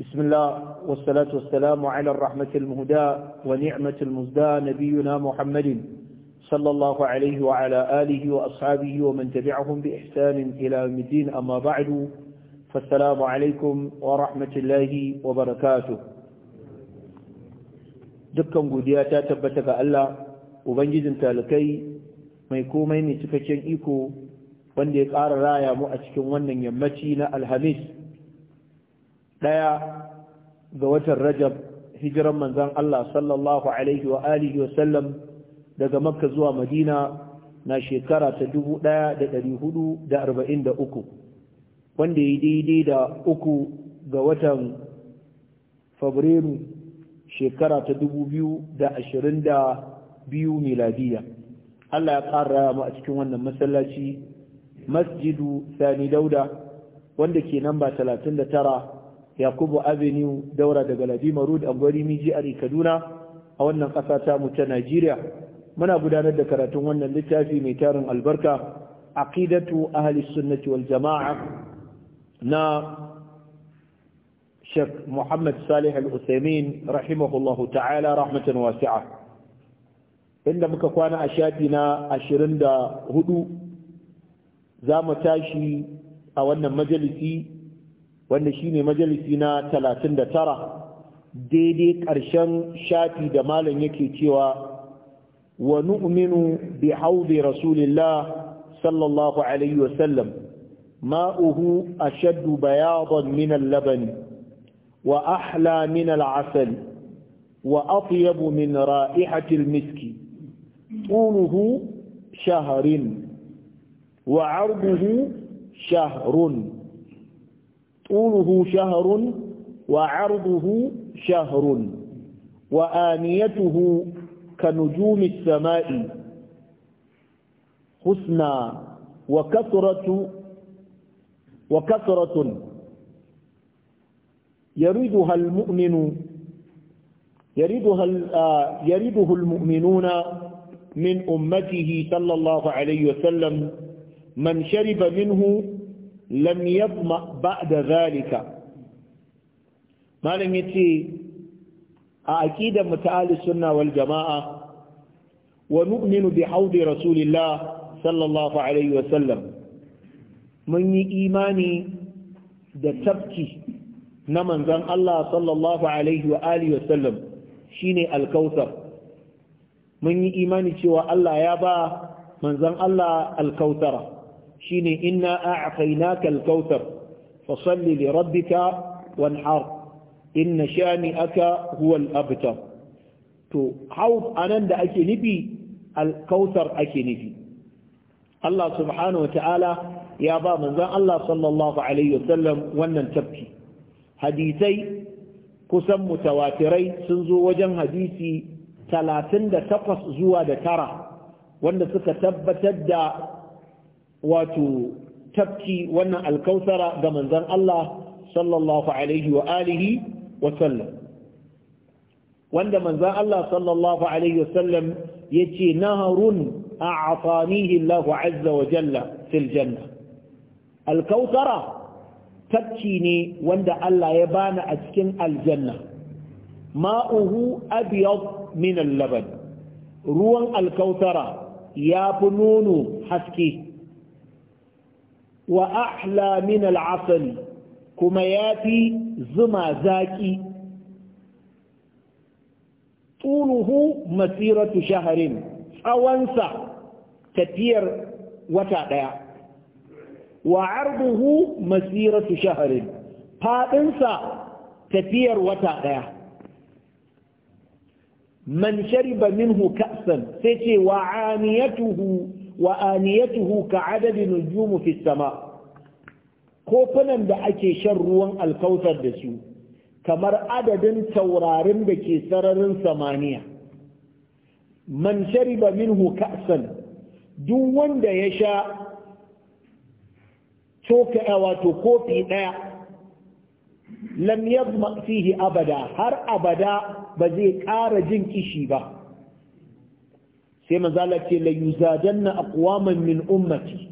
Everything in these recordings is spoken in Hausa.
بسم الله والصلاة والسلام على الرحمة المهدى ونعمة المزدى نبينا محمد صلى الله عليه وعلى آله وأصحابه ومن تبعهم بإحسان إلى يوم الدين أما بعد فالسلام عليكم ورحمة الله وبركاته دكم قدياتا تبتك ألا وبنجد تالكي ما يكون مين تفكين إيكو وان دي قار رايا مؤسك وان يمتين الهميس ɗaya ga watan rajab hijiran manzan Allah sallallahu alaihi wa alihi wa sallam daga makka zuwa madina na shekara ta 1443 wanda ya daidai da uku ga watan fabrairu shekara ta 2022 miladiya Allah ya ƙara mu a cikin wannan masallaci masjidu sani dauda wanda ke namba 39 yakubu avenue daura daga ladima road a gwari miji a kaduna a wannan ƙasa ta mu ta najeriya muna gudanar da karatun wannan littafi mai tarin albarka aqidatu ahli sunnati wal jama'a na Sheikh Muhammad Salih Al-Uthaymeen rahimahullahu ta'ala rahmatan wasi'a inda muka kwana a shafi na 24 za mu tashi a wannan majalisi wanda shine majalisi na 39 daidai ƙarshen shafi da malam yake cewa wa nu'minu bi haudi rasulillah sallallahu alaihi wasallam ma'uhu ashaddu bayadan min al-laban wa ahla min al-asal wa atyabu min ra'ihati al-miski طوله شهر وعرضه شهر طوله شهر وعرضه شهر وآنيته كنجوم السماء حسنى وكثرة وكثرة يريدها المؤمن يريدها آه، يريده المؤمنون من أمته صلى الله عليه وسلم من شرب منه lam yadma ba'da zalika malam yace a aqidar mutaali sunna wal jamaa wa nu'minu bi haudi rasulillah sallallahu alaihi wa sallam mun yi imani da tafki na manzon Allah sallallahu alaihi wa alihi wa sallam shine alkautsar mun yi imani cewa Allah ya ba manzon Allah alkautara shine inna a'tainaka al-kautsar fasalli li rabbika wanhar inna shani'aka huwa al-abtar to haud anan da ake nufi al-kautsar ake nufi Allah subhanahu wataala ya ba manzon Allah sallallahu alaihi wasallam wannan tafki hadisai kusan mutawatirai sun zo wajen hadisi talatin da takwas zuwa da tara wanda suka tabbatar da wato tafki wannan alkausara ga manzan Allah sallallahu alaihi wa alihi wa sallam wanda manzan Allah sallallahu alaihi wa sallam yace naharun a'tanihi Allah azza wa jalla fil janna alkausara tafki ne wanda Allah ya bani a cikin aljanna ma'uhu abyad min laban ruwan alkausara ya fi nono haske wa ahla min al'asali kuma ya fi zuma zaƙi tuluhu masiratu shaharin tsawonsa tafiyar wata ɗaya wa arduhu masiratu shaharin faɗinsa tafiyar wata ɗaya man shariba minhu ka'san sai ce wa amiyatuhu wa aniyatuhu ka adadi nujumu fi sama kofunan da ake shan ruwan alkautar da su kamar adadin taurarin da ke sararin samaniya man shariba minhu ka'san duk wanda ya sha coka eh, wato kofi ɗaya lam yadma fihi abada har abada ba zai ƙara jin kishi ba sai manzala ce la yuzadanna aqwaman min ummati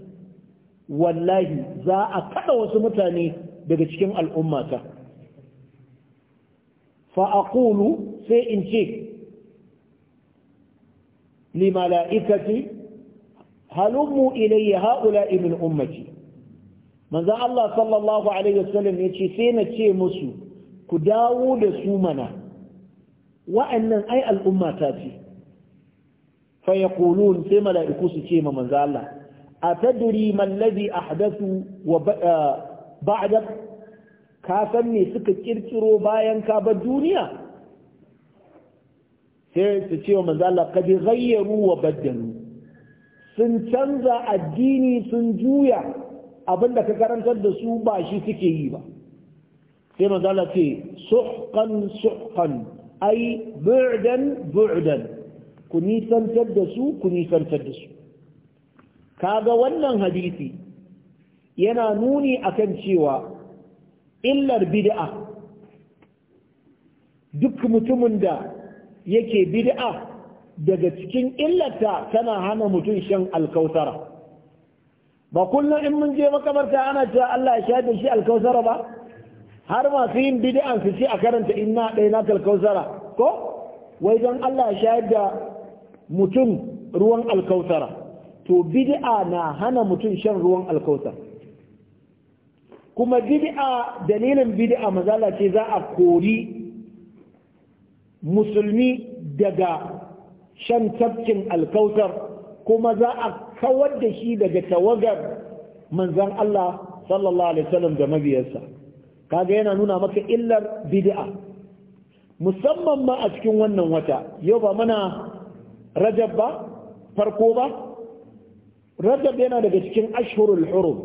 wallahi za a kada wasu mutane daga cikin al'ummata fa aqulu sai in ce li mala'ikati halummu ilayya ha'ula'i min ummati manzo Allah sallallahu alaihi wasallam yace sai na ce musu ku dawo da su mana wa'annan ai al'ummata ce fa sai mala'iku su ce ma manzo Allah atadri man a hadasu wa ka san me suka kirkiro bayan ka ba duniya sai su ce wa manzo Allah kad ghayyaru wa baddalu sun canza addini sun juya abinda ka karantar da su ba shi suke yi ba sai manzo Allah ce suhqan suhqan ay bu'dan bu'dan ku nisantar da su ku nisantar da su kaga wannan hadisi yana nuni akan cewa illar bid'a duk mutumin da yake bid'a daga cikin illarta tana hana mutum shan alkautara ba kullum in mun je makamarta ana cewa Allah ya shaɗe shi alkautara ba har masu yin bid'an su ce a karanta inna ɗaya na alkautara ko wai don Allah ya shayar da mutum ruwan alkautara to bid'a na hana mutum shan ruwan alkautar kuma bid'a dalilin bid'a mazala ce za a kori musulmi daga shan tafkin alkautar kuma za a kawar da shi daga tawagar manzan Allah sallallahu alaihi wasallam da mabiyarsa kaga yana nuna maka illar bid'a musamman ma a cikin wannan wata yau ba mana rajab ba farko ba rajab yana daga cikin ashhurul hurum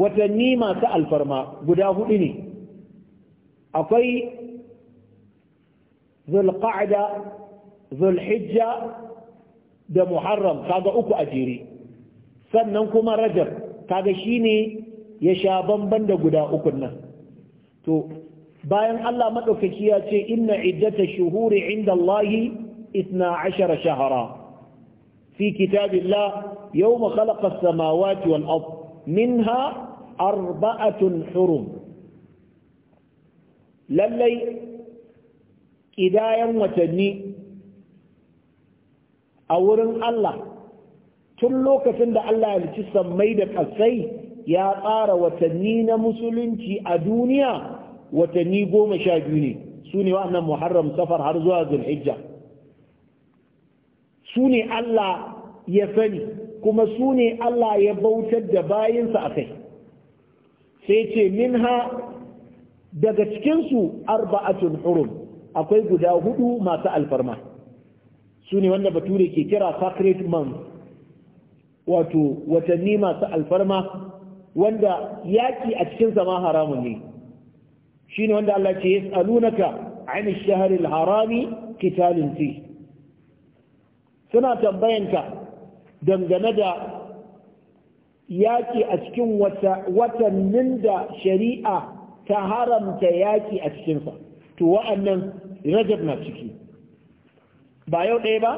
watanni masu alfarma guda hudu ne akwai zulqa'da zulhijja da muharram kaga uku a jere sannan kuma rajab kaga shine ya sha bamban da guda uku nan to bayan Allah maɗaukaki ya ce inna iddata shuhuri inda Allahi isna ashara shahara fi kitabillah yawma khalaqa as-samawati wal ard minha arba'atun hurum lallai kidayan watanni a wurin Allah tun lokacin da Allah ya ci sammai da ƙasai ya tsara watanni na musulunci a duniya watanni goma sha biyu ne su ne wa'annan muharram safar har zuwa zulhijja su ne Allah ya sani kuma su ne Allah ya bautar da bayinsa a kai sai ce minha daga cikinsu arba'atun hurum akwai guda hudu masu alfarma su ne wanda bature ke kira sacred month wato watanni masu alfarma wanda yaki a cikin ma haramun ne shine wanda Allah ce ya 'ani ash-shahri al-harami qitalun fi suna tambayanka dangane da yaki a cikin watannin da shari'a ta haramta yaƙi a cikinsa to wa'annan rajab na ciki ba yau ɗaya ba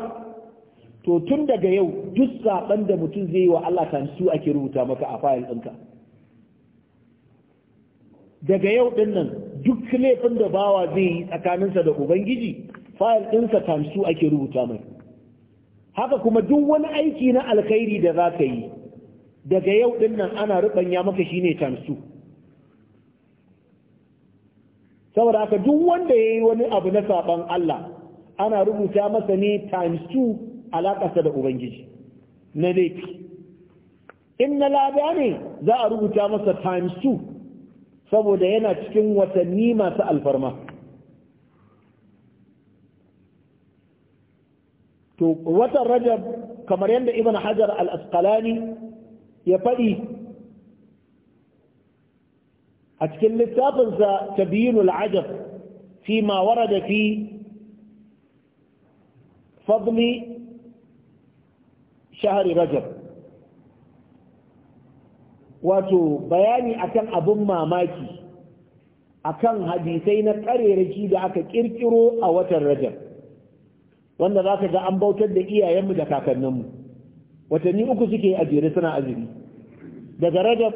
to tun daga yau duk saɓan da mutum zai yi wa Allah kan su ake rubuta maka a fayil ɗinka daga yau din nan duk laifin da bawa zai yi tsakaninsa da ubangiji fayil ɗinsa tamsu ake rubuta mai haka kuma duk wani aiki na alkhairi da za ka yi daga yau din nan ana ruɓanya maka shine tamsu saboda haka duk wanda ya yi wani abu na saɓon Allah ana rubuta masa ne tamsu alaƙasa da ubangiji na laifi in na lada ne za a rubuta masa tamsu saboda yana cikin watanni masu alfarma to watan rajab kamar yadda ibn hajar al-asqalani ya faɗi a cikin littafinsa tabiyinul ajab fi ma warada fi fadli shahari rajab wato bayani akan abin mamaki akan hadisai na ƙareraki da aka ƙirƙiro a watan Rajab wanda za ka ga an bautar da iyayenmu da kakanninmu watanni uku suke a suna azumi daga Rajab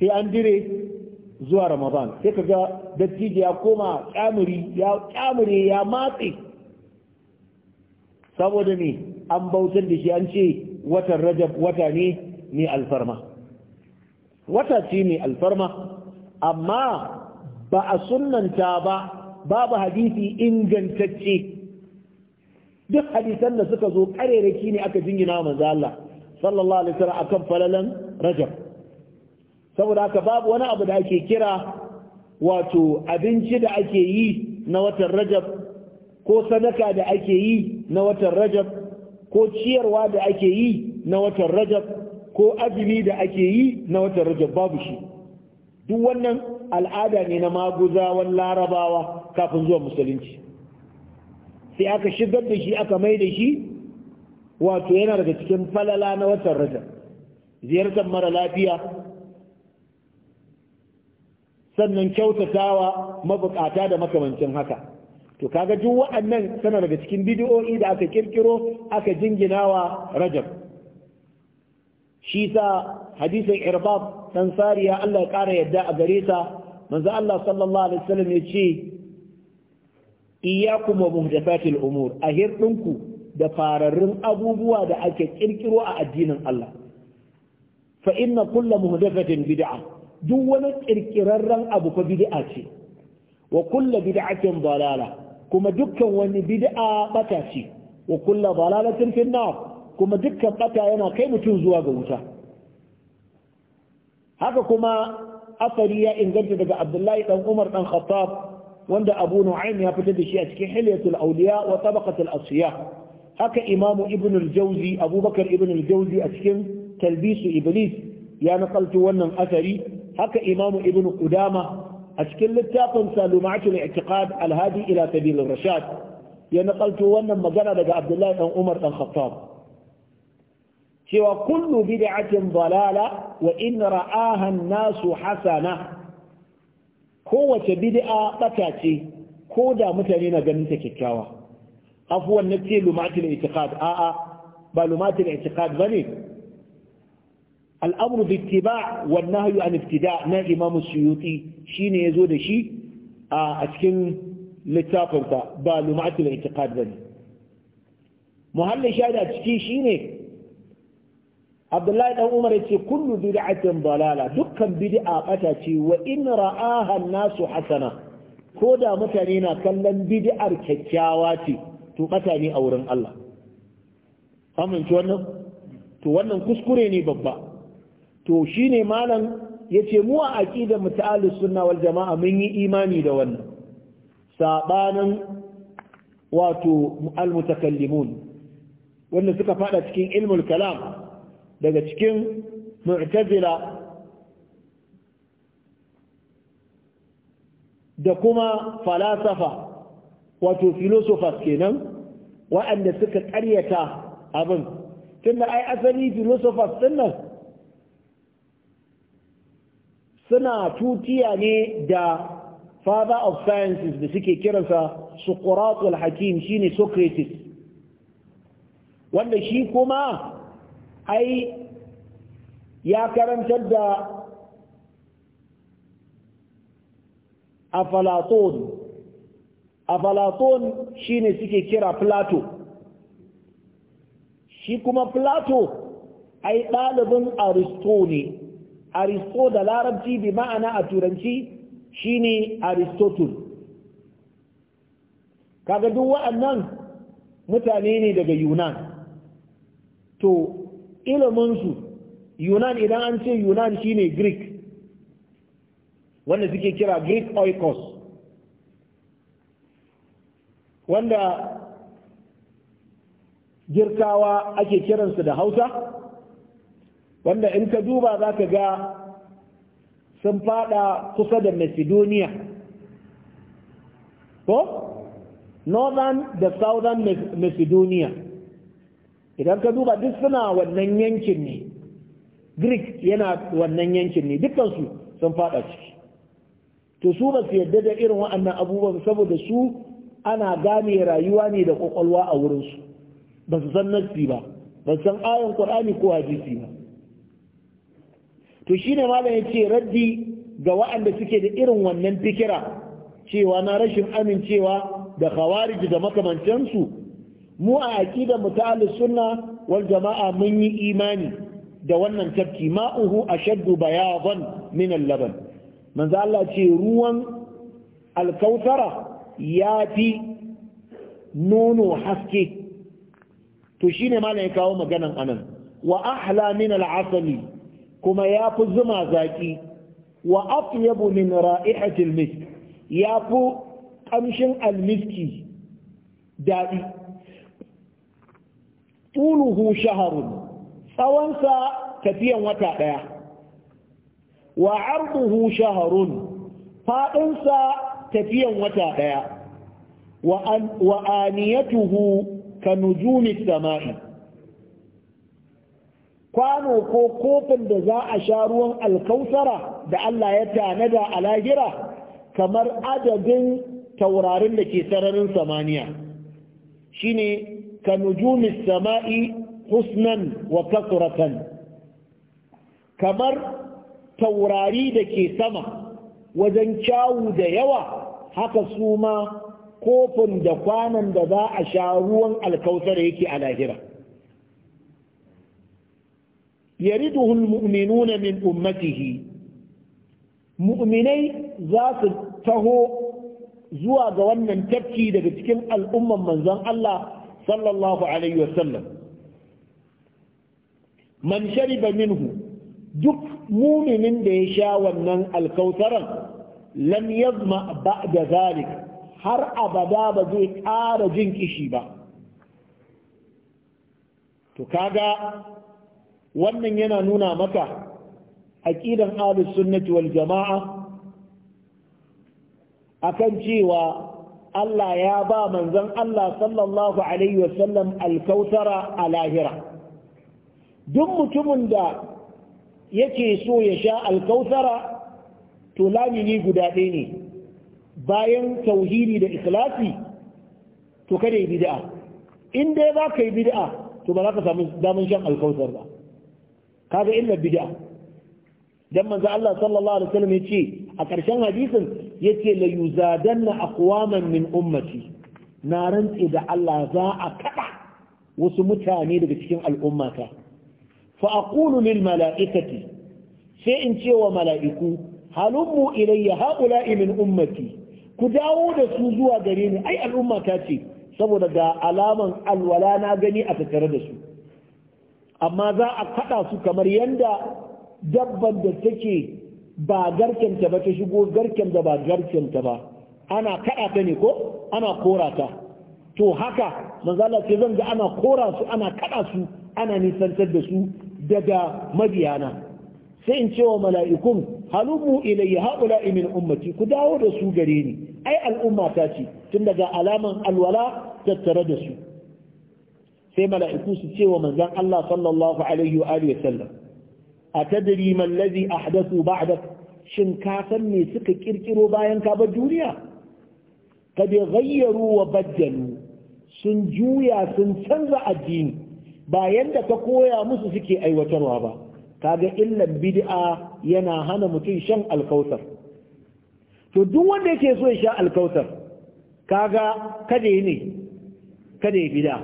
sai an dire zuwa Ramadan sai ka ga dattijo ya koma kyamuri ya ya matse saboda ne an bautar da shi an ce watan Rajab wata ne mai alfarma wata ce mai alfarma amma ba a sunanta ba babu hadisi ingantacce duk hadisan da suka zo kareraki ne aka jingina manzo Allah sallallahu alaihi wasallam akan falalan rajab saboda haka babu wani abu da ake kira wato abinci da ake yi na watan rajab ko sadaka da ake yi na watan rajab ko ciyarwa da ake yi na watan rajab ko azumi da ake yi na watan rajab babu shi duk wannan al'ada ne na maguzawan larabawa kafin zuwa musulunci sai aka shigar da shi aka mai da shi wato yana daga cikin falala na watan rajab ziyartar mara lafiya sannan kyautatawa mabukata da makamancin haka to kaga duk waɗannan sana daga cikin bidiyo'i da aka kirkiro aka jinginawa rajab shi sa hadisin irbab dan sariya Allah ya ƙara yadda a gare ta manzo Allah sallallahu alaihi wasallam ya ce iyyakum wa muhdathatil umur a hirdinku da fararrun abubuwa da ake kirkiro a addinin Allah fa inna kullu muhdathatin bid'a duk wani kirkirarren abu fa bid'a ce wa kullu bid'atin dalala kuma dukkan wani bid'a bata ce wa kullu dalalatin fi nar kuma dukkan bata yana kai mutum zuwa ga wuta haka kuma asari ya inganta daga abdullahi dan umar dan khattab wanda abu nu'aym ya fitar da shi a cikin hilyatul awliya wa tabaqatul asiya haka imam ibn al-jawzi abubakar ibn al-jawzi a cikin talbisu iblis ya nakalto wannan asari haka imam ibn qudama a cikin littafin salumatul i'tiqad al-hadi ila sabil rashad ya nakalto wannan magana daga abdullahi dan umar dan khattab cewa kullu bid'atin dalala wa in ra'aha an-nasu hasana kowace bid'a bata ce ko da mutane na ganin ta kyakkyawa afwan na ce lumatul i'tiqad a a ba lumatul i'tiqad bane al-amru bi ittiba' wa an-nahyu an ibtida' na imam suyuti shine yazo da shi a cikin littafin ba lumatul i'tiqad bane muhallin shahada ciki shine abdullahi dan umar yace kullu bid'atin dalala dukkan bid'a bata ce wa in ra'aha nasu hasana ko da mutane na kallon bid'ar kyakkyawa ce to bata ne a wurin Allah amince wannan to wannan kuskure ne babba to shine malam yace mu a aqidar muta'allis sunna wal jama'a mun yi imani da wannan sabanin wato al-mutakallimun wanda suka fada cikin ilmul kalam daga cikin mu'tazila da kuma falasafa wato filosofas kenan waɗanda suka ƙaryata abin tunda ai asali filosofas ɗin nan suna tutiya ne da father of sciences da suke kiransa suqratul hakim shine socrates wanda shi kuma ai ya karantar da afalaton afalaton shine suke kira plato shi kuma plato ai ɗalibin aristo ne aristo da larabci bi ma'ana a turanci shine aristotle kaga duk wa'annan mutane ne daga yunan to iliminsu yunan idan an ce yunan shine greek wanda suke kira greek oikos wanda girkawa ake kiransu da hausa wanda in ka duba za ka ga sun fada kusa da macedonia ko northern da southern macedonia idan ka duba duk suna wannan yankin ne greek yana wannan yankin ne dukansu sun fada ciki to su ba su yadda da irin waɗannan abubuwan saboda su ana gane rayuwa ne da kwakwalwa a wurinsu ba su san nasi ba ba su san ayon qur'ani ko hadisi ba to shine malam ce raddi ga waɗanda suke da irin wannan fikira cewa na rashin amincewa da khawarij da makamantansu mu a aqida mu ta sunna wal jama'a mun yi imani da wannan tafki ma'uhu uhu a min al-laban manzo Allah ce ruwan alkautara ya fi nono haske to shine malam ya kawo maganan anan wa ahla min al-asali kuma ya fi zuma zaki wa afyabu min ra'ihati misk ya fi kamshin almiski daɗi tuluhu shaharun tsawonsa tafiyan wata ɗaya wa arduhu shaharun faɗinsa tafiyan wata ɗaya wa aniyatuhu ka sama'i kwano ko kofin da za a sha ruwan alkausara da Allah ya tanada a lahira kamar adadin taurarin da ke sararin samaniya shine كنجوم السماء حسنا وكثرة كمر توراري دكي سما وزن شاو ديوا حكا سوما kofin da kwanon da za a sha ruwan alkautar yake al'ahira. lahira duhun almu'minuna min ummatihi mu'minai za su taho zuwa ga wannan tafki daga cikin al'ummar manzon Allah sallallahu alaihi wasallam man shariba minhu duk muminin da ya sha wannan alkautaran lam yazma ba'da zalik har abada ba zai ƙara jin kishi ba to kaga wannan yana nuna maka aqidan ahlus sunnati wal jama'a akan cewa Allah ya ba manzon Allah sallallahu alaihi wasallam alkautara a lahira duk mutumin da yake so ya sha alkautara to lamini guda ɗaya ne bayan tauhidi da ikhlasi to kada yi bid'a in dai za ka yi bid'a to ba za ka samu daman shan alkautar ba kaga illa bid'a dan manzo Allah sallallahu alaihi wasallam ce a ƙarshen hadisin yace la yuzadanna aqwaman min ummati na rantse da Allah za a kada wasu mutane daga cikin al'ummata fa aqulu mala'ikati sai in ce wa mala'iku halummu ilayya haula'i min ummati ku dawo da su zuwa gare ni ai al'ummata ce saboda ga alaman alwala na gani a tattare da su amma za a kada su kamar yanda dabban da take ba garkenta ba ta shigo garken da ba garkenta ba ana kaɗa ta ne ko ana kora ta to haka manzala ce zan ga ana kora su ana kaɗa su ana nisantar da su daga mabiyana sai in cewa mala'ikun halummu ilayya haƙula min ummati ku dawo da su gare ni ai al'umma ta ce tun daga alaman alwala tattare da su sai mala'iku su cewa manzan Allah sallallahu alaihi wa sallam a tadri a hadasu ba ba'dak shin ka san me suka kirkiro bayan ka bar duniya kad ghayyaru wa baddalu sun juya sun canza addini ba yanda ka koya musu suke aiwatarwa ba kaga illan bid'a yana hana mutum shan alkautar to duk wanda yake so ya sha alkautar kaga kada yi ne kada ya bida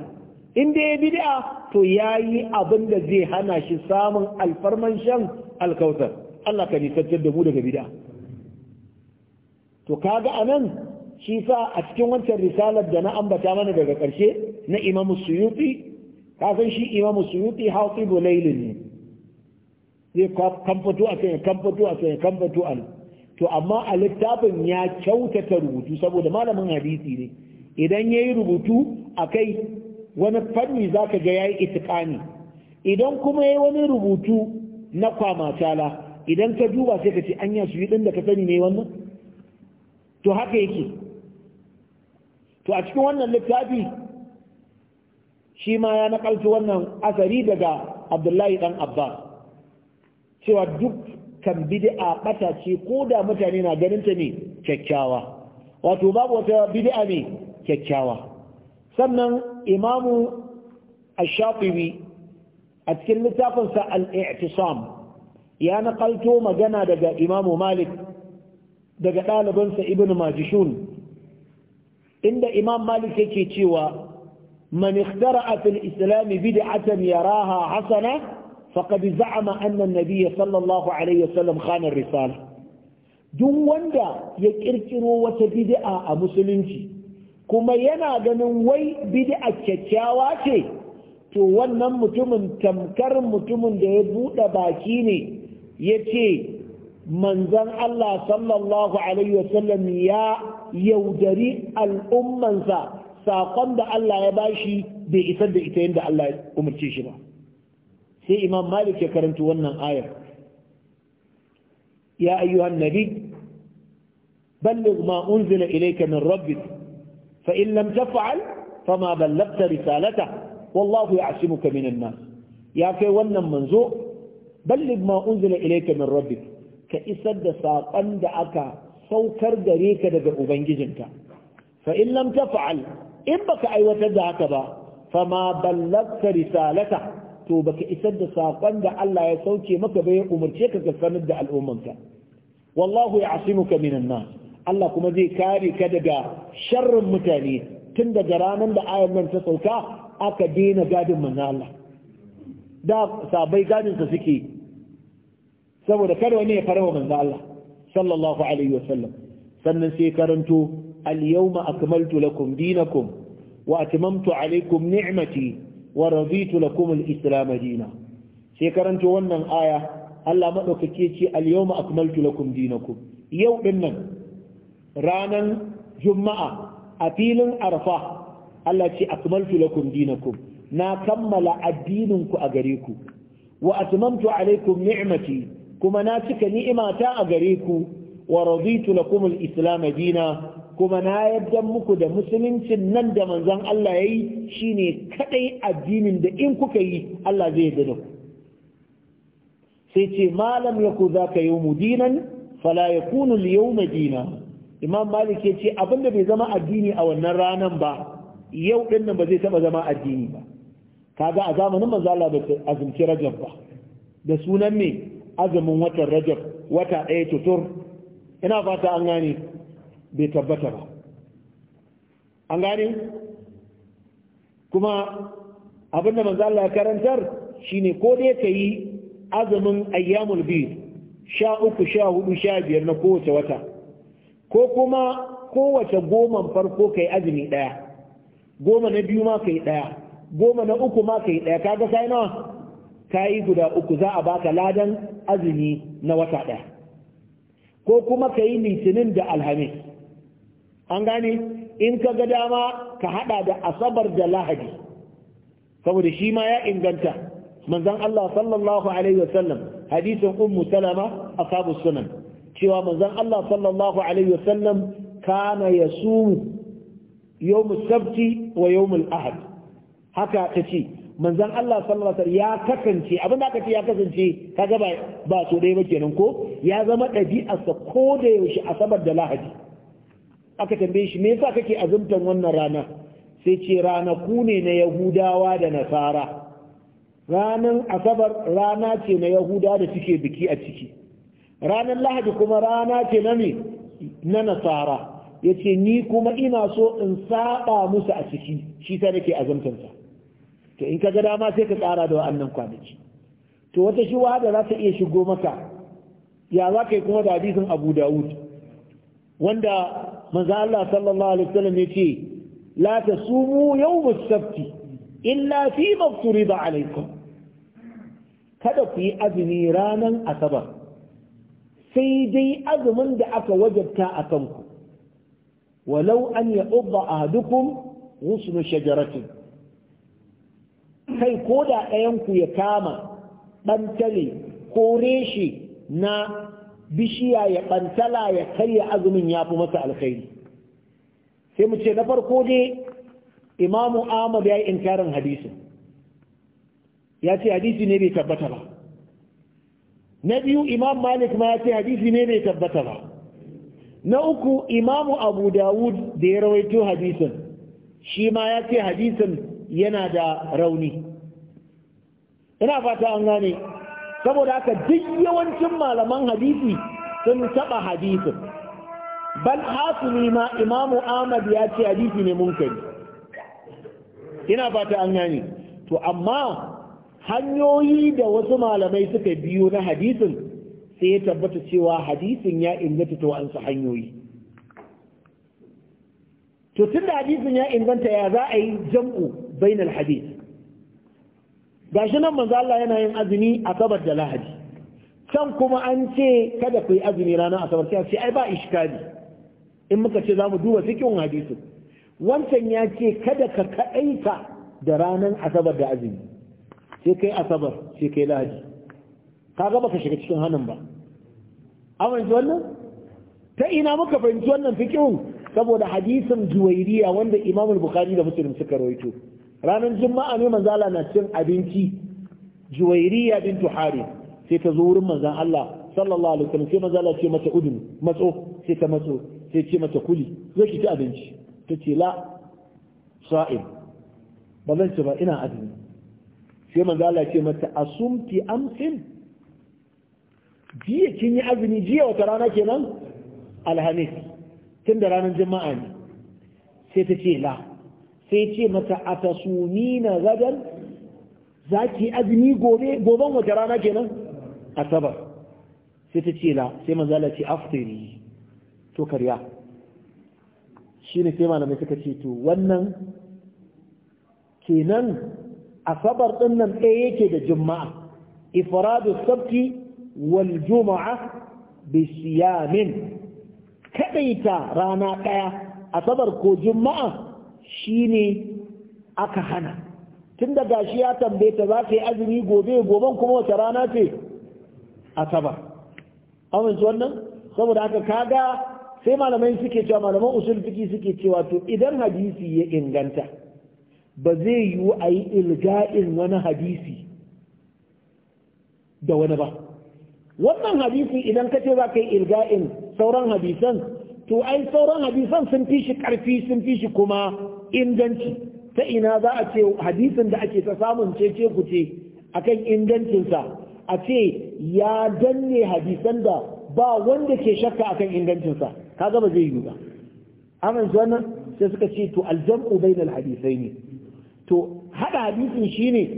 in da ya bid'a to yayi abin da zai hana shi samun alfarman shan alkautar Allah ka nisantar da mu daga bid'a to kaga anan shi sa a cikin wancan risalar da na ambata mana daga ƙarshe na Imam Suyuti ka san shi Imam Suyuti haqibu laylin ne zai kamfato a kan kamfato a kan kamfato al to amma a littafin ya kyautata rubutu saboda malamin hadisi ne idan yayi rubutu akai wani fanni za ka ga ya yi itikani idan kuma ya yi wani rubutu na kwama tala idan ka duba sai ka ce an yi ɗin da ka sani ne wannan to haka yake to a cikin wannan littafi shi ma ya nakalci wannan asari daga abdullahi dan abbas cewa duk kan bid'a bata ce ko da mutane na ganin ta ne kyakkyawa wato babu wata bid'a ne kyakkyawa sannan imamu ash a cikin littafinsa al ya naƙalto magana daga imamu malik daga ɗalibansa ibn majishun inda imam malik yake cewa man ikhtara'a fil islam bid'atan yaraha hasana faqad za'ama anna an-nabiy sallallahu alaihi wasallam khana ar-risala duk wanda ya kirkiro wata bid'a a musulunci kuma yana ganin wai bid'a kyakkyawa ce to wannan mutumin tamkar mutumin da ya buɗe baki ne ya ce manzan Allah sallallahu alaihi wasallam ya yaudari al'ummansa saƙon da Allah ya bashi bai isar da ita yadda Allah ya umarce shi ba sai imam malik ya karanta wannan ayar ya ayyuhan nabi balligh ma unzila ilayka min rabbika فإن لم تفعل فما بلغت رسالته والله يعصمك من الناس يا كي wannan manzo ballig ma unzila ilayka min rabbik ka isar da saƙon da aka saukar gare ka daga ubangijinta. fa in lam taf'al in baka aiwatar da haka ba fa ma ballagta risalata to baka isar da saƙon da Allah ya sauke maka bai umarce ka ka sanar da al'ummanka wallahu ya'simuka minan nas Allah kuma zai kare ka daga sharrin mutane tun daga ranar da ayar nan ta sauka aka daina gadin manzo Allah da sabai gadinsa suke saboda kada wani ya farawa manzo Allah sallallahu alaihi wasallam sannan sai karanto al-yawma akmaltu lakum dinakum wa atmamtu alaykum ni'mati wa raditu lakum al-islam dinan sai karanto wannan aya Allah madaukake ce al-yawma akmaltu lakum dinakum yau din nan ranan juma'a a filin arfa Allah ce akmaltu lakum dinakum na kammala addininku a gare ku wa atmamtu alaikum ni'mati kuma na cika ni'imata a gare ku wa raditu lakum al-islam dina kuma na yadda muku da musuluncin nan da manzon Allah yayi shine kadai addinin da in kuka yi Allah zai yarda ku sai ce malam yaku zaka yawmu dinan fala yakunu al-yawma dina imam malik ya ce abinda bai zama addini a wannan ranar ba yau din nan ba zai taba zama addini ba kaga a zamanin manzo Allah bai azumci rajab ba da sunan me azumin watan rajab wata ɗaya tutur ina fata an gane bai tabbata ba an gane kuma abinda manzo Allah ya karantar shine ko dai yi azumin ayyamul bid sha uku sha hudu sha biyar na kowace wata ko kuma kowace goma farko kai azumi ɗaya goma na biyu ma kai ɗaya goma na uku ma kai ɗaya kaga sai nawa kayi guda uku za a baka ladan azumi na wata ɗaya ko kuma ka yi litinin da alhamis an gane in ka ga dama ka hada da asabar da lahadi saboda shi ma ya inganta manzon Allah sallallahu alaihi wasallam hadisin ummu salama ashabu sunan cewa manzon Allah sallallahu alaihi wasallam kana yasum yawm sabti wa yawm ahad haka tace manzon Allah sallallahu alaihi ya kasance abin da aka ce ya kasance kaga ba ba so dai ba kenan ko ya zama ɗabi'arsa ko da yaushe asabar da lahadi aka tambaye shi me yasa kake azumtan wannan rana sai ce ranaku ne na yahudawa da nasara ranan asabar rana ce na yahudawa da suke biki a ciki ranar lahadi kuma rana ce na me na nasara ya ce ni kuma ina so in saba musu a ciki shi ta nake azamtansa to in ka ga dama sai ka tsara da wa'annan kwanaki to wata shi da za ta iya shigo maka ya za ka yi kuma da hadisin abu dawud wanda manzo Allah sallallahu alaihi wasallam ya ce la tasumu yawmus sabti illa fi mafturida alaikum kada ku yi azumi ranan asabar sai dai azumin da aka wajabta a kanku walau an ya ubba ahadukum rusnu shajaratin kai ko da ɗayanku ya kama ɓantale ko reshe na bishiya ya ɓantala ya karya azumin ya fi masa alkhairi sai mu ce na farko dai imamu ahmad ya yi inkarin hadisin ya ce hadisi ne bai tabbata ba na biyu imam malik ma ya ce hadisi ne bai tabbata ba na uku imamu abu dawud da ya rawaito hadisin shi ma ya ce hadisin yana da rauni ina fata an gane saboda haka duk yawancin malaman hadisi sun taba hadisin bal hasumi ma imamu ahmad ya ce hadisi ne munkari ina fata an gane to amma hanyoyi da wasu malamai suka biyo na hadisin sai ya tabbata cewa hadisin ya inganta to an hanyoyi to tun da hadisin ya inganta ya za a yi jam'u bainal hadis gashi nan manzo Allah yana yin azumi a sabar da lahadi can kuma an ce kada ku yi azumi ranar asabar sai ai ba iskali in muka ce zamu duba cikin hadisin wancan ya ce kada ka kaɗaita da ranar asabar da azumi sai kai asabar sai kai lahadi ka ga baka shiga cikin hannun ba ji wannan ta ina muka fahimci wannan fikihun saboda hadisin juwairiya wanda Imam bukhari da Muslim suka rawaito ranar juma'a ne manzo Allah na cin abinci juwairiya bintu Harith sai ta zo wurin manzon Allah sallallahu alaihi wasallam sai manzo Allah ce mata udun matso sai ta matso sai ce mata kuli zai ki ci abinci ta ce la sa'im ba zan ci ba ina azumi sai manzo Allah ce mata asumti amsin jiya kin yi azumi jiya wata rana kenan alhamis tun da ranar jama'a ne sai ta ce la sai ce mata atasumina gadan za ki azumi gobe goben wata rana kenan asabar sai ta ce la sai manzo Allah ce aftiri to karya shine sai malamai suka ce to wannan kenan asabar din nan ɗaya yake da juma'a ifradu sabti wal juma'a bi siyamin kadaita rana ɗaya asabar ko juma'a shine aka hana tun da gashi ya tambaye za ta yi azumi gobe goben kuma wata rana ce asabar amince wannan saboda haka kaga sai malamai suke cewa malaman usul fiki suke cewa to idan hadisi ya inganta ba zai yiwu a yi ilga'in wani hadisi da wani ba wannan hadisi idan ka ce za ka yi ilga'in sauran hadisan to ai sauran hadisan sun fi shi ƙarfi sun fi shi kuma inganci ta ina za a ce hadisin da ake ta samun cece kuce akan ingancinsa a ce ya danne hadisan da ba wanda ke shakka akan ingancinsa kaga ba zai yiwu ba amince wannan sai suka ce to aljam'u bainal ne. to haɗa hadisin shine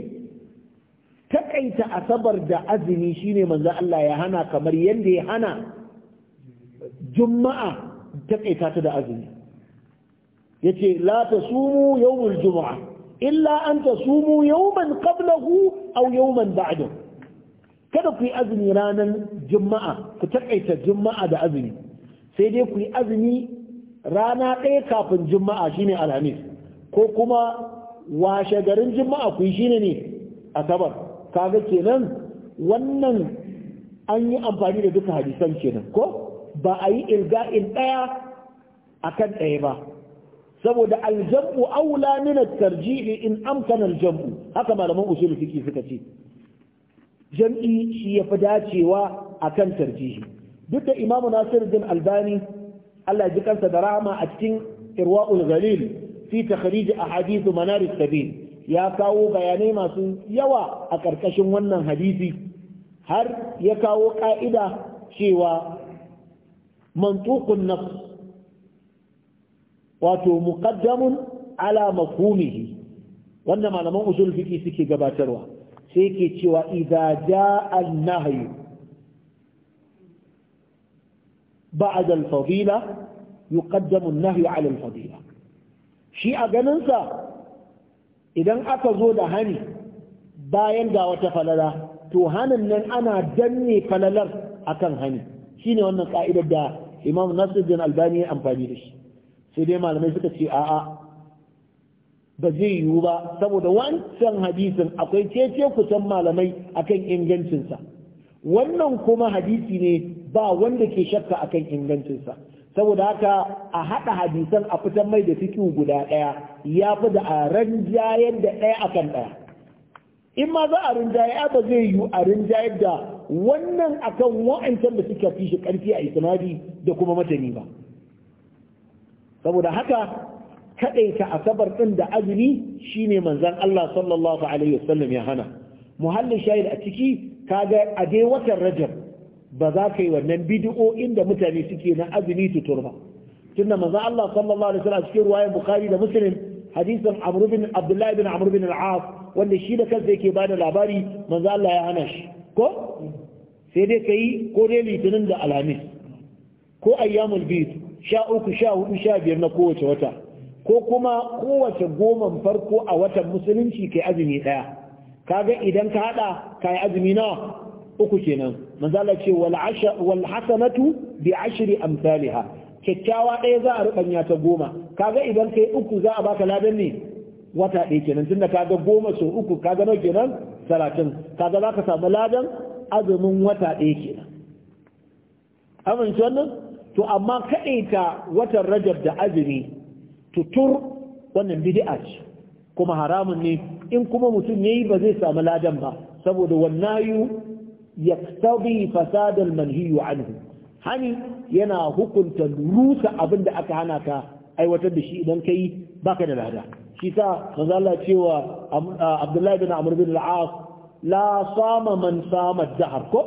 taƙaita asabar da azumi shine manzo Allah ya hana kamar yadda ya hana juma'a takaita ta da azumi yace la tasumu yawmul jumu'a illa an tasumu yawman qablahu aw yawman ba'dahu kada ku yi azumi ranar juma'a ku taƙaita juma'a da azumi sai dai ku yi azumi rana ɗaya kafin juma'a shine alhamis ko kuma washe garin juma'a kun shine ne a asabar kaga kenan wannan an yi amfani da duka hadisan kenan ko ba a yi ilga'in a akan ɗaya ba saboda aljam'u aula min at in amkana aljam'u haka malaman usul fiqi suka ce jam'i shi yafi dacewa akan tarjihi duk da imamu nasiruddin albani Allah ya ji kansa da rahama a cikin irwaul ghalil fi takhrij ahadith manar sabil ya kawo bayanai masu yawa a karkashin wannan hadisi har ya kawo ka'ida cewa mantuqun nafs wato muqaddamun ala mafhumihi wannan malaman usul fiqi suke gabatarwa sai ke cewa idza jaa an-nahy ba'da al-fadila yuqaddamu an-nahy ala al-fadila shi a ganinsa idan aka zo da hani bayan ga wata falala to hanin nan ana danne falalar akan hani Shi ne wannan ka'idar da Imam Nasiruddin Albani ya amfani da shi sai dai malamai suka ce a'a ba zai yiwu ba saboda wancan hadisin akwai cece kusan malamai akan ingancinsa wannan kuma hadisi ne ba wanda ke shakka akan ingancinsa saboda haka a haɗa hadisan a fitan mai da fiƙi guda ɗaya ya fi da a rinjayar da ɗaya a kan ɗaya in ma za a rinjaya ba zai yiwu a rinjayar da wannan akan wa'ancan da suka fi shi ƙarfi a isnadi da kuma matani ba saboda haka kaɗai kaɗaita asabar ɗin da azumi shine manzan Allah sallallahu alaihi wasallam ya hana muhallin shahid a ciki kaga a dai watan rajab ba za ka yi wannan bidiyo da mutane suke na azumi tutur ba tunda manzo Allah sallallahu alaihi wasallam cikin ruwayar Bukhari da Muslim hadisin Amr bin Abdullah bin Amr bin al-As wanda shi da kansa yake bada labari maza Allah ya hana shi ko sai dai kai ko dai litinin da alhamis ko ayyamul bid sha uku sha hudu sha biyar na kowace wata ko kuma kowace goman farko a watan musulunci kai azumi daya kaga idan ka hada kai azumi nawa uku kenan manzo Allah ce wal asha wal hasanatu bi ashri amsalha kyakkyawa ɗaya za a rubanya ta goma kaga idan kai uku za a baka ladan ne wata ɗaya kenan tunda kaga goma so uku kaga nawa kenan talatin kaga za ka samu ladan azumin wata ɗaya kenan amince wannan to amma ta watan rajab da azumi tutur wannan bid'a ce kuma haramun ne in kuma mutum yayi ba zai samu ladan ba saboda wannayu yaktabi fasadal manhiyu anhu hani yana hukunta rusa abin da aka hana ka aiwatar da shi idan kai baka da lada shi sa manzo Allah cewa Abdullahi bin Amr bin al-As la sama man sama dahar ko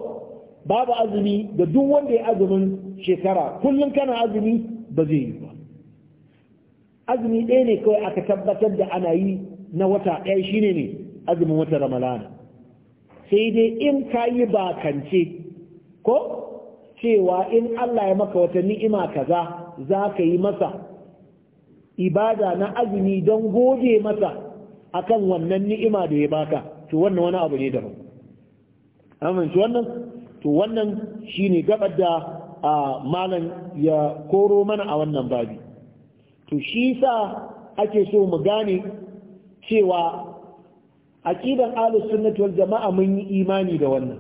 babu azumi da duk wanda ya azumin shekara kullun kana azumi ba zai yi ba azumi ɗaya ne kawai aka tabbatar da ana yi na wata ɗaya shine ne azumin wata ramadana sai dai in ka yi bakance ko cewa in Allah ya maka wata ni'ima kaza za ka yi masa ibada na azumi don gode masa akan wannan ni'ima da ya baka to wannan wani abu ne daban amin wannan to wannan shine gabar da malam ya koro mana a wannan babi to shi sa ake so mu gane cewa aqidan ahlus sunnati wal jama'a mun yi imani da wannan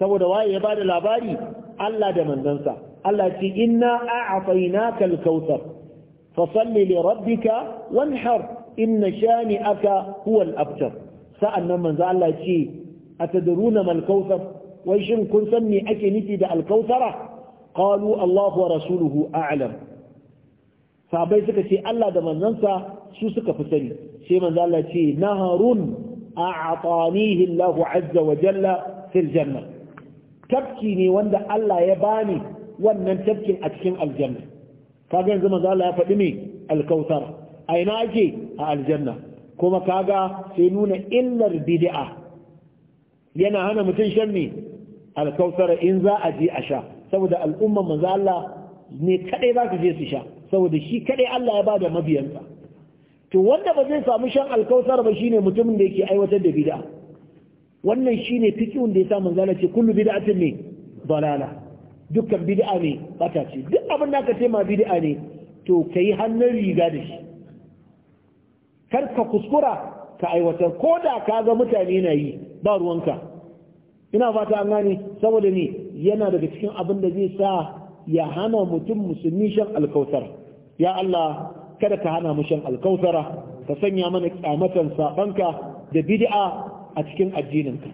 saboda waye ya bada labari Allah da manzansa Allah ce inna a'tainaka al-kautsar fasalli li rabbika wanhar inna shani'aka huwa al-abtar sa'annan manzo Allah ce atadruna mal kautsar wai shin kun san me ake nufi da al-kautsara qalu Allah wa rasuluhu a'lam sabai suka ce Allah da manzansa su suka fi sani sai manzo Allah ce naharun a'atanihi Allah azza wa jalla fil janna tafki ne wanda Allah ya bani wannan tafkin a cikin aljanna kaga yanzu manzo Allah ya faɗi me alkautar a ina ake a aljanna kuma kaga sai nuna illar bid'a yana hana mutum shan me alkautar in za a je a sha saboda al'umma manzo Allah ne kadai za je su sha saboda shi kadai Allah ya bada mabiyansa to wanda ba zai samu shan alkautar ba shine mutumin da yake aiwatar da bid'a wannan shine fikihun da ya sa manzala ce kullu bid'atin ne balala dukkan bid'a ne bata ce duk abin da ka ce ma bid'a ne to kai hannun riga da shi kar ka kuskura ka aiwatar ko da ka ga mutane na yi ba ruwanka ina fata an gane saboda ne yana daga cikin abin da zai sa ya hana mutum musulmi shan alkautar ya Allah kada ka hana mu shan alkautara ka sanya mana kyamatan sabanka da bid'a a cikin addininka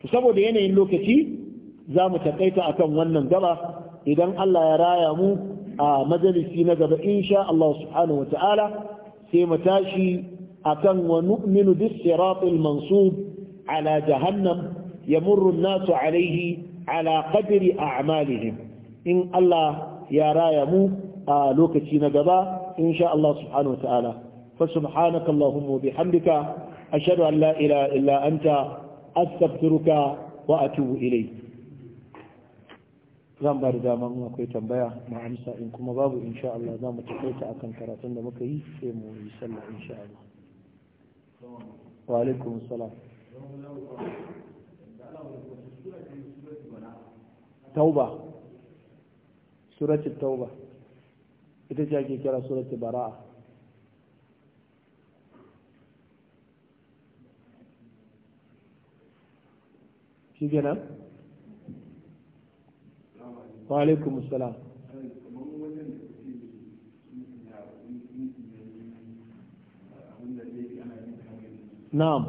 to saboda yanayin lokaci za mu takaita akan wannan gaba idan Allah ya raya mu a majalisi na gaba insha Allah subhanahu sai mu tashi akan wa nu'minu bis siratil mansub ala jahannam yamurru an-nasu alayhi ala qadri a'malihim in Allah ya raya mu a lokaci na gaba insha Allah subhanahu wataala fa subhanaka allahumma bihamdika ashhadu an la ilaha illa anta astaghfiruka wa atubu ilayk zan ba da dama akwai tambaya mu amsa in kuma babu insha Allah za mu tafaita akan karatun da muka yi sai mu yi sallah insha Allah wa alaikum salam tauba suratul tauba ita ce ake kira suratul bara'a shi kenan wa alaikum salam na'am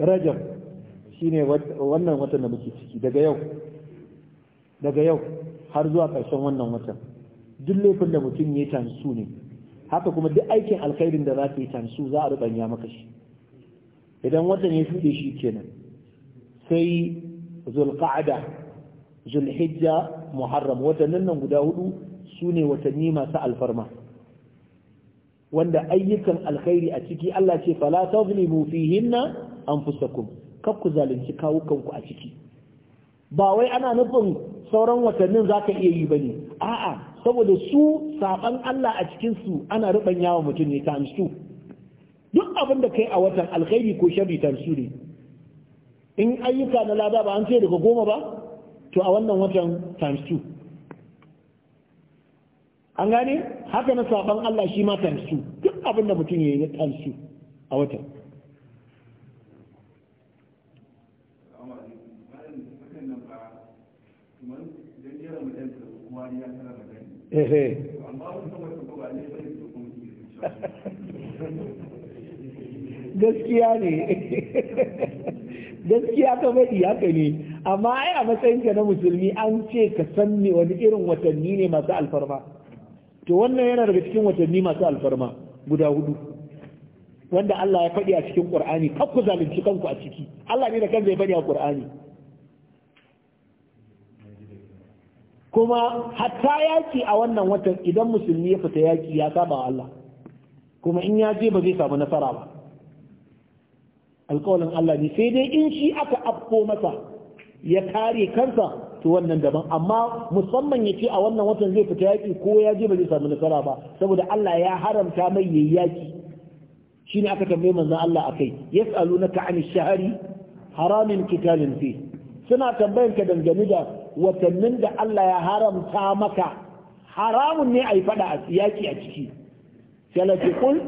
رجب shine wannan watan da muke ciki daga yau daga yau har zuwa ƙarshen wannan watan duk laifin da mutum ya tansu ne haka kuma duk aikin alkhairin da za ta yi tansu za a rubanya maka shi idan watan ya shuɗe shi kenan sai zulqa'ada zulhijja muharram watannin nan guda hudu su ne watanni masu alfarma wanda ayyukan alkhairi a ciki Allah ce fala tazlimu fihinna anfusakum kar ku zalunci kawukanku a ciki ba wai ana nufin sauran watannin za ka iya yi ba ne a'a saboda su saban Allah a cikin su ana ruban yawa mutum ne times two duk abin da kai a watan alkhairi ko sharri times two ne in ayyuka na lada ba an ce daga goma ba to a wannan watan times two an gane haka na saban Allah shi ma times two duk abin da mutum ya yi times two a watan ehe eh. gaskiya ne gaskiya ka faɗi haka ne amma ai a matsayinka na musulmi an ce ka san me wani irin watanni ne masu alfarma to wannan yana daga cikin watanni masu alfarma guda hudu wanda Allah ya faɗi a cikin ƙur'ani, kar ku zalunci kanku a ciki Allah ne da kan zai faɗi a ƙur'ani. kuma hatta yaki a wannan watan idan musulmi ya fita yaki ya saba wa Allah kuma in ya je ba zai samu nasara ba alƙawalin Allah ne sai dai in shi aka afko masa ya kare kansa to wannan daban amma musamman ya ce a wannan watan zai fita yaki ko ya je ba zai samu nasara ba saboda Allah ya haramta mai yayi yaki shine aka tambaye manzon Allah akai yas'alunaka anish shahri haramin qitalin fi suna tambayanka dangane da watannin da Allah ya haramta maka haramun ne a yi fada a siyaki a ciki salatikul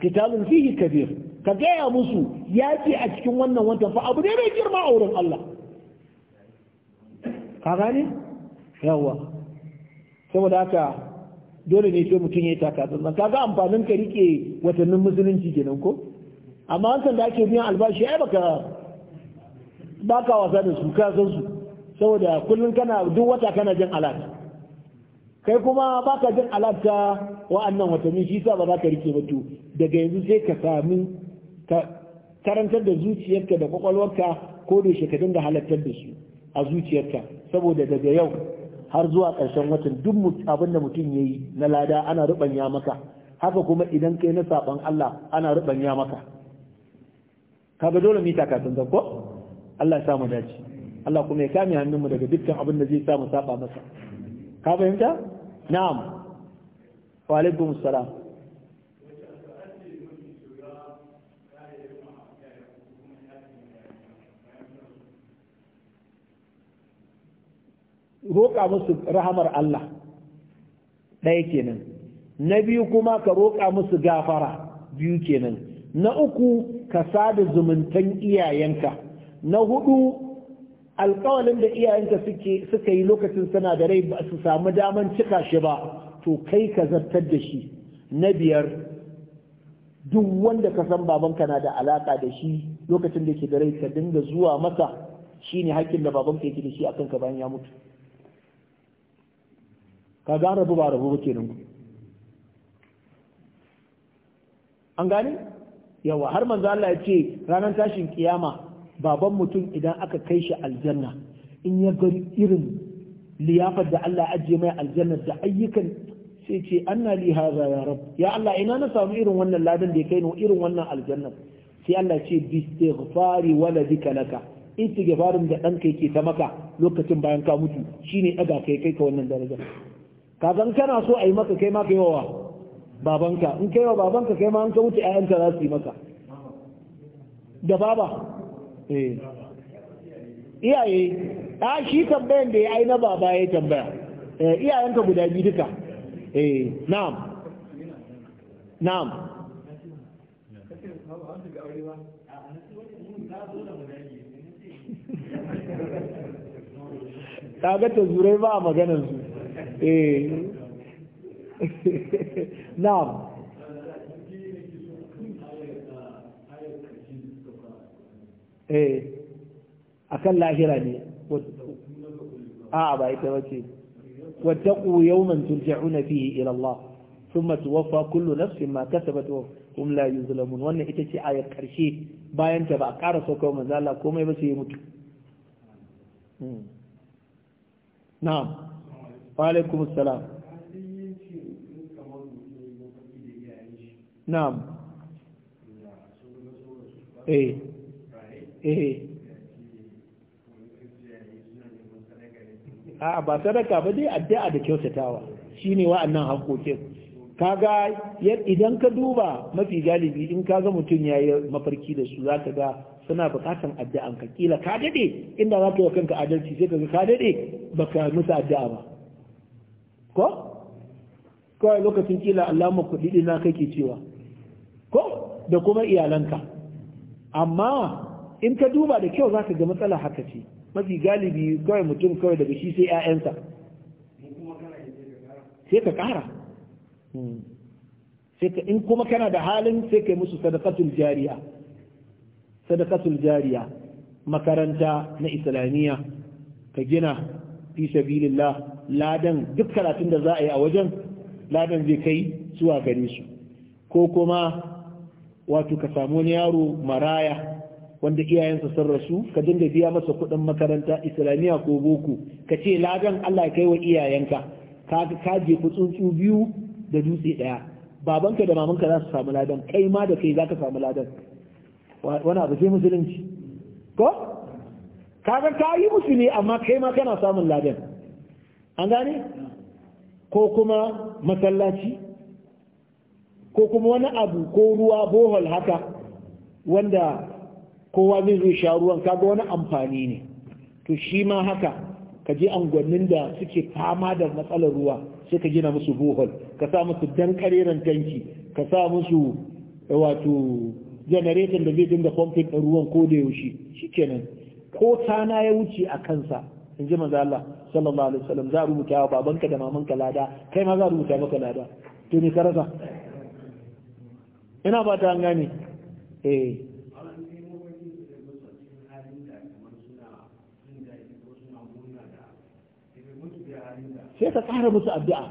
kitabun fihi kabir ka gaya musu yaki a cikin wannan watan fa abu ne mai girma a wurin Allah ka gane yawa saboda haka dole ne sai mutum ya taka tsantsan kaga amfanin ka rike watannin musulunci kenan ko amma san da ake biyan albashi ai baka baka wasa da su ka san su saboda kullum kana duk wata kana jin alat kai kuma ba ka jin alat ta wa'annan watanni shi sa ba za ka rike batu. daga yanzu sai ka sami ka karantar da zuciyarka da kwakwalwarka ko da ka da halartar da su a zuciyarka saboda daga yau har zuwa ƙarshen watan duk abin da mutum ya yi na lada ana rubanya maka haka kuma idan kai na saban Allah ana rubanya maka kaga dole mita kafin zan ko Allah ya samu dace Allah kuma ya kame hannunmu daga dukkan abin da zai samu saba masa ka fahimta na'am wa alaikum salam roƙa musu rahamar Allah ɗaya kenan na biyu kuma ka roƙa musu gafara biyu kenan na uku ka sada zumuntan iyayenka na hudu alƙawalin da iyayenka suka yi lokacin suna da rai ba su samu daman cika shi ba to kai ka zartar da shi na biyar duk wanda ka san babanka na da alaka da shi lokacin da ke da rai ka dinga zuwa masa shine hakkin da babanka yake da shi akan ka bayan ya mutu ka ga rabu ba rabu ba kenan an gane yawa har manzo Allah ya ce ranar tashin kiyama baban mutum idan aka kai shi aljanna in ya gari irin liyafar da Allah ajiye mai aljanna da ayyukan sai ce anna li hadha ya rab ya Allah ina na samu irin wannan ladan da ya kai ni irin wannan aljanna sai Allah ce bi istighfari waladika laka istighfarin da ɗanka yake ta maka lokacin bayan ka mutu shine daga kai kai ka wannan daraja kagan kana so a yi maka kai ma ka wa babanka in kai wa babanka kai ma an ka wuce ƴaƴanka za su yi maka da baba Eh. iyaye a shi tambayan da ya yi na baba ya tambaya eh, iyayenka guda biyu duka eh na'am na'am ta ga ta zurai ba a maganar su eh na'am eh akan lahira ne a'a ba ita bace wattaqu yawman turja'una fihi ila Allah thumma tuwaffa kullu nafsin ma kasabat wa hum la yuzlamun wannan ita ce ayar karshe bayan ta ba a ƙara sauka manzo Allah komai ba sai yi mutu hmm. na'am wa a'laikum salam na'am eh eh a ba sadaka ba dai addu'a da kyautatawa shine wa'annan hakokin kaga idan ka duba mafi galibi in ka ga mutum yayi mafarki da su zaka ga suna bukatan addu'an ka kila ka dade inda za ka yi kanka adalci sai ga ka dade baka musu addu'a ba ko kawai lokacin kila allama kuɗi na kake cewa ko da kuma iyalanka amma in ka duba da kyau za ka ga matsala haka ce mafi galibi kawai mutum kawai daga shi sai 'ya'yansa hmm. sai ka in kuma kana da halin sai ka yi musu sadakatul jariya makaranta na islamiyya ka gina fi sabilillah ladan duk karatun da za a yi a wajen ladan zai kai zuwa gare su ko kuma wato ka samu wani yaro maraya wanda iyayensa sun rasu ka dinga biya masa kuɗin makaranta islamiyya ko boko ka ce ladan Allah ya kai wa iyayenka ka ka je ku tsuntsu biyu da dutse ɗaya babanka da mamanka za su samu ladan kai ma da kai za ka samu ladan wani abu sai musulunci ko ga ka yi musulmi amma kai ma kana samun ladan an gane ko kuma masallaci ko kuma wani abu ko ruwa bohol haka wanda kowa zai zo sha ruwan kaga wani amfani ne to shi ma haka ka je angonnin da suke fama da matsalar ruwa sai ka gina musu bohol ka sa musu dan kareren tanki ka sa musu eh, wato generator da zai dinga pumping din ruwan ko da yaushe shikenan ko tana ya wuce a kansa in ji manzo Allah sallallahu alaihi wasallam za rubuta wa babanka da mamanka lada kai ma za rubuta maka lada to ne ka ina ba ta gane eh sai ka ƙara musu addu'a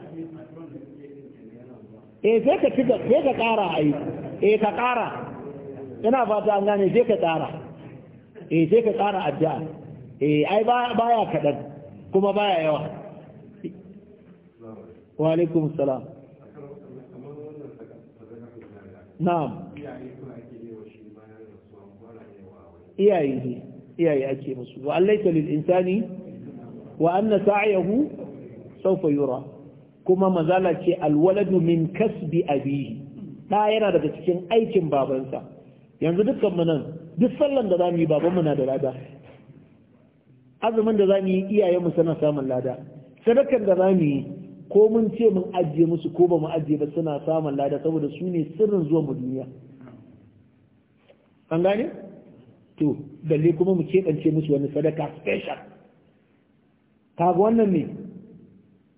eh sai ka ci sai ka ƙara ai eh ka ƙara ina fata an gane sai ka ƙara eh sai ka ƙara addu'a eh ai baya kaɗan kuma baya yawa wa alaikum salam na'am iyaye iyaye ake musu wa allaita lil insani wa anna sa'yahu sawfa yura kuma mazala ce alwaladu min kasbi abihi da yana daga cikin aikin babansa yanzu dukkan mu nan duk sallan da zamu yi baban mu na da lada azumin da zamu yi iyayen mu suna samun lada sadakar da zamu yi ko mun ce mun ajiye musu ko ba mu ajiye ba suna samun lada saboda su ne sirrin zuwa mu duniya an gane to balle kuma mu keɓance musu wani sadaka special kaga wannan ne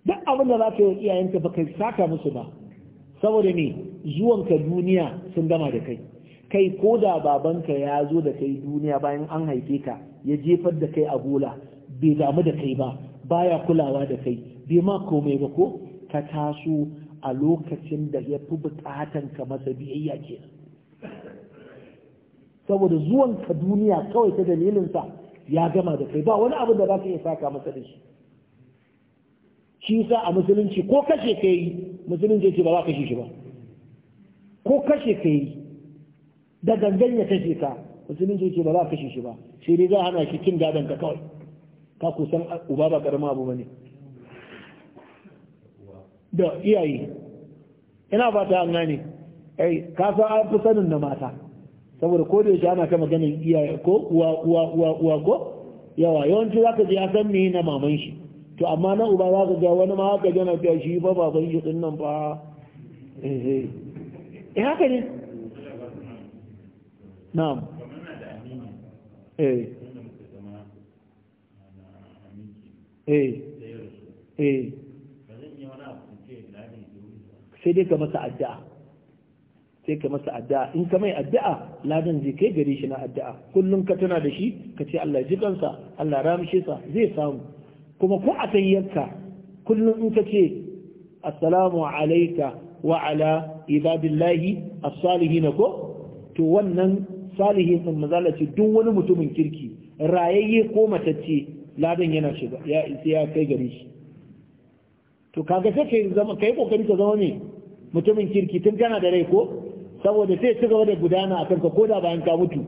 duk abin da za ka yi iyayenka ba kai saka musu ba saboda ne zuwanka duniya sun gama da kai kai ko da babanka ya zo da kai duniya bayan an haife ka ya jefar da kai a gola bai damu da kai ba baya kulawa da kai bai ma komai ba ko ka taso a lokacin da ya fi bukatan ka masa biyayya ke saboda zuwanka duniya kawai ta dalilinsa ya gama da kai ba wani abu da za ka iya saka masa da shi shi sa a musulunci ko kashe ka yi musulunci ce ba za kashe shi ba ko kashe ka yi da gangan ya kashe ka musulunci ce ba za kashe shi ba sai dai za a hana shi cin gadon ka kawai ka kusan uba ba karama abu ba ne da iyaye ina ba ta hanga ne ai ka san an fi sanin na mata saboda ko da yaushe ana ta ganin iyaye ko uwa uwa uwa ko yawa yawanci ka ji ya san me na maman shi to amma na uba za ka ga wani ma haka jana fiya shi ba ba shi din nan ba eh, eh. eh haka ne na'am eh eh eh sai dai ka masa addu'a sai ka masa addu'a in ka mai addu'a ladan zai kai gare shi na addu'a kullum ka tana da shi ka ce Allah ji kansa Allah ramshe sa zai samu kuma ko a tayyarka kullum in ka ce assalamu alaika wa ala ibadillahi as-salihin ko to wannan salihin din mazalaci duk wani mutumin kirki rayayye ko matacce ladan yana shiga ya isa ya kai gare shi to kaga sai kai zama kai kokari ka zama ne mutumin kirki tun kana da rai ko saboda sai ci gaba da gudana akan ka koda bayan ka mutu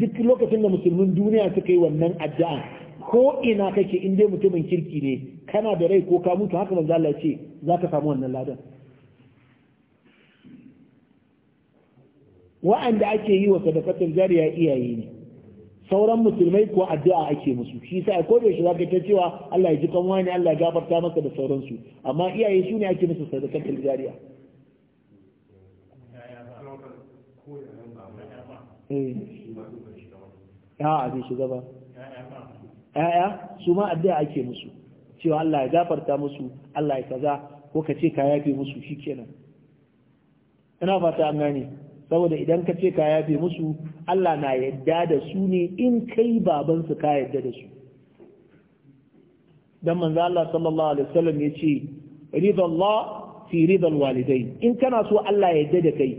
duk lokacin da musulmin duniya suka yi wannan addu'a ko ina kake in dai mutumin kirki ne kana da rai ko ka mutu haka manzo Allah ce za ka samu wannan ladan wa'anda ake yi wa sadaqatul jariya iyaye ne sauran musulmai ko addu'a ake musu shi sa ko da shi zaka ta cewa Allah ya ji kan wani Allah ya gafarta masa da sauransu amma iyaye su ne ake musu sadaqatul jariya eh ah, a ba 'ya'ya su ma addu'a ake musu cewa Allah ya gafarta musu Allah ya kaza ko ka ce ka yafe musu shikenan ina fata an gane saboda idan ka ce ka yafe musu Allah na yadda da su ne in kai baban su ka yadda da su dan manzo Allah sallallahu alaihi wasallam yace Allah fi ridal walidai, in kana so Allah ya yadda da kai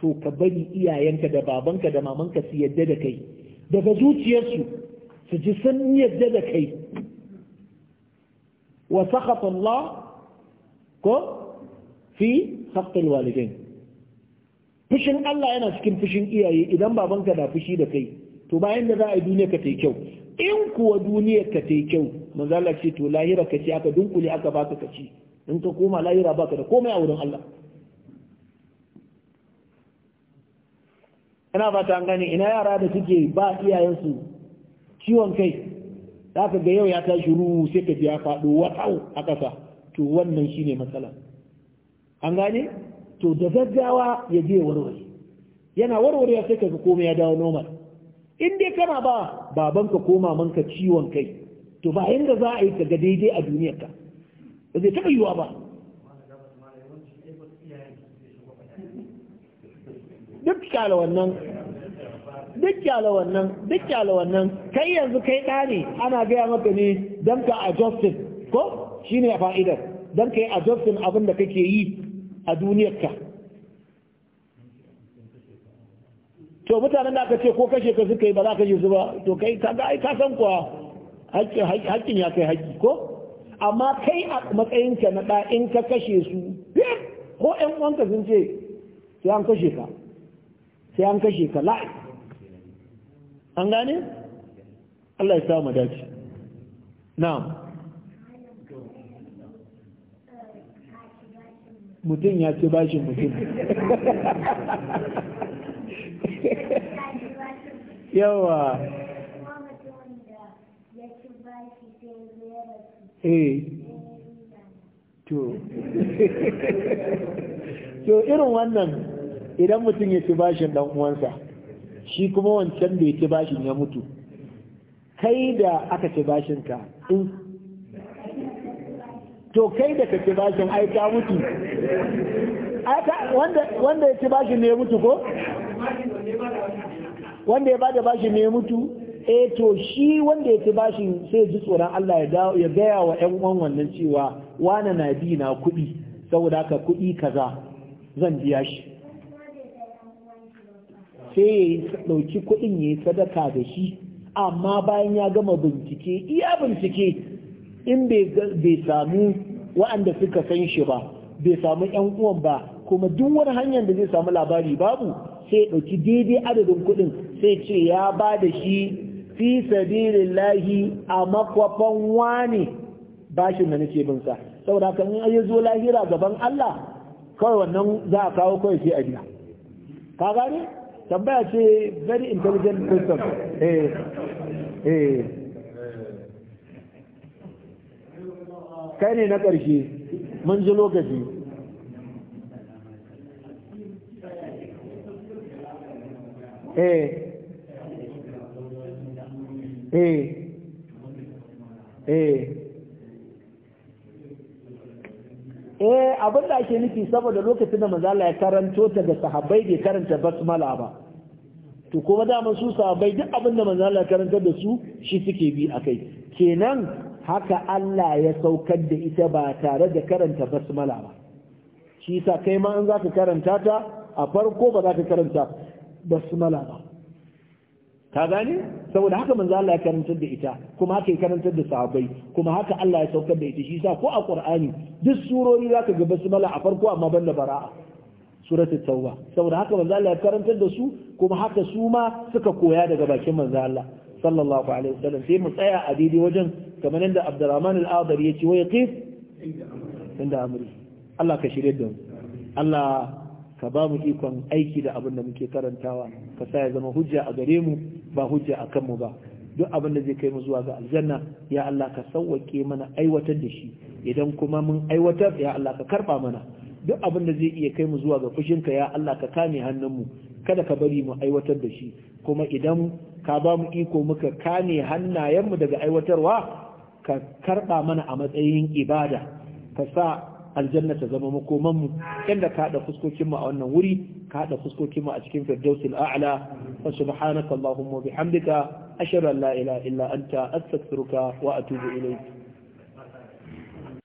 to ka bari iyayenka da babanka da mamanka su yadda da kai daga zuciyarsu su ji sun yadda da kai wa sakhata ko fi sakhtil walidain fushin Allah yana cikin fushin iyaye idan babanka da fushi da kai to bayan da za a yi duniya ka tai kyau in kuwa duniya ka tai kyau manzala ce to lahira ka ce aka dunkule aka baka ka ci in ka koma lahira baka da komai a wurin Allah ina fata an gani ina yara da suke ba iyayensu ciwon kai za ka ga yau ya tashi ruru sai ka biya ya faɗo watau a ƙasa to wannan shine matsala an gane to da gaggawa ya je warware yana warware ya sai ka ga komai ya dawo normal in dai kana ba babanka ko mamanka ciwon kai to ba inda za a yi ka ga daidai a duniyarka ba zai taɓa yiwuwa ba duk kala wannan duk kyala wannan duk kyala wannan kai yanzu kai ɗa ne ana gaya maka ne don ka adjustin ko shi ne fa'idar don ka yi adjustin abin da kake yi a duniyarka to mutanen da aka ce ko kashe ka suka yi ba za ka yi su ba to kai kaga ai ka san kuwa hakkin ya kai hakki ko amma kai a matsayinka na ɗa in ka kashe su ko ƴan uwanka sun ce sai an kashe ka sai an kashe ka la'i an gane Allah ya samu dace na'am mutum ya ce bashin mutum yawa eh to to irin wannan idan mutum ya ci bashin dan uwansa shi kuma wancan da ya ci bashin ya mutu kai da aka ci bashin ka in to kai da ka ci bashin ai ka mutu wanda ya ci bashin ne ya mutu ko wanda ya bada bashin ne ya mutu eh to shi wanda ya ci bashin sai ji tsoron Allah ya gaya wa ƴan uwan wannan cewa wane na bi na kuɗi saboda haka kuɗi kaza zan biya shi sai ya ɗauki kuɗin ya yi sadaka da shi amma bayan ya gama bincike iya bincike in bai samu wa'anda suka san shi ba bai samu yan uwan ba kuma duk wani hanyar da zai samu labari babu sai ya ɗauki daidai adadin kuɗin sai ce ya ba da shi fi sabilillahi a makwafan wane bashin da nake bin sa saboda kan in ya zo lahira gaban Allah kawai wannan za a kawo kawai sai a ka gane tambaya ce very intelligent person eh eh kai ne na ƙarshe mun ji lokaci eh eh eh eh abin da ake nufi saboda lokacin da mazala ya karanto ta ga sahabbai bai karanta basmala ba to kuma dama su sahabbai duk abin da mazala ya karanta da su shi suke bi a kai. kenan haka Allah ya saukar da ita ba tare da karanta basmala ba shi sa kai ma an zaka karanta ta a farko ba za ka karanta basmala ba ka gane saboda haka manzo Allah ya karantar da ita kuma haka ya karantar da sahabbai kuma haka Allah ya saukar da ita shi sa ko a Qur'ani duk surori zaka ga basmala a farko amma banda bara'a suratul tauba saboda haka manzo Allah ya karantar da su kuma haka su ma suka koya daga bakin manzo Allah sallallahu alaihi wasallam sai mu tsaya a daidai wajen kamar yadda Abdurrahman al-Adari ya ce wa yaqif inda amri Allah ka shirye da mu Allah ka ba mu ikon aiki da abin da muke karantawa ka sa ya zama hujja a gare mu ba hujja a kanmu ba duk abin da zai kai mu zuwa ga aljanna ya Allah ka sauwake mana aiwatar da shi idan kuma mun aiwatar ya Allah ka karba mana duk abin da zai iya kai mu zuwa ga fushinka ya Allah ka kame hannunmu kada ka bari mu aiwatar da shi kuma idan ka ba mu iko muka kame hannayenmu daga aiwatarwa ka karba mana a matsayin ibada ka sa aljanna ta zama makoman mu inda ka hada fuskokin mu a wannan wuri ka hada fuskokin mu a cikin firdausil a'la wa subhanaka allahumma bihamdika ashhadu an la ilaha illa anta astaghfiruka wa atubu ilayk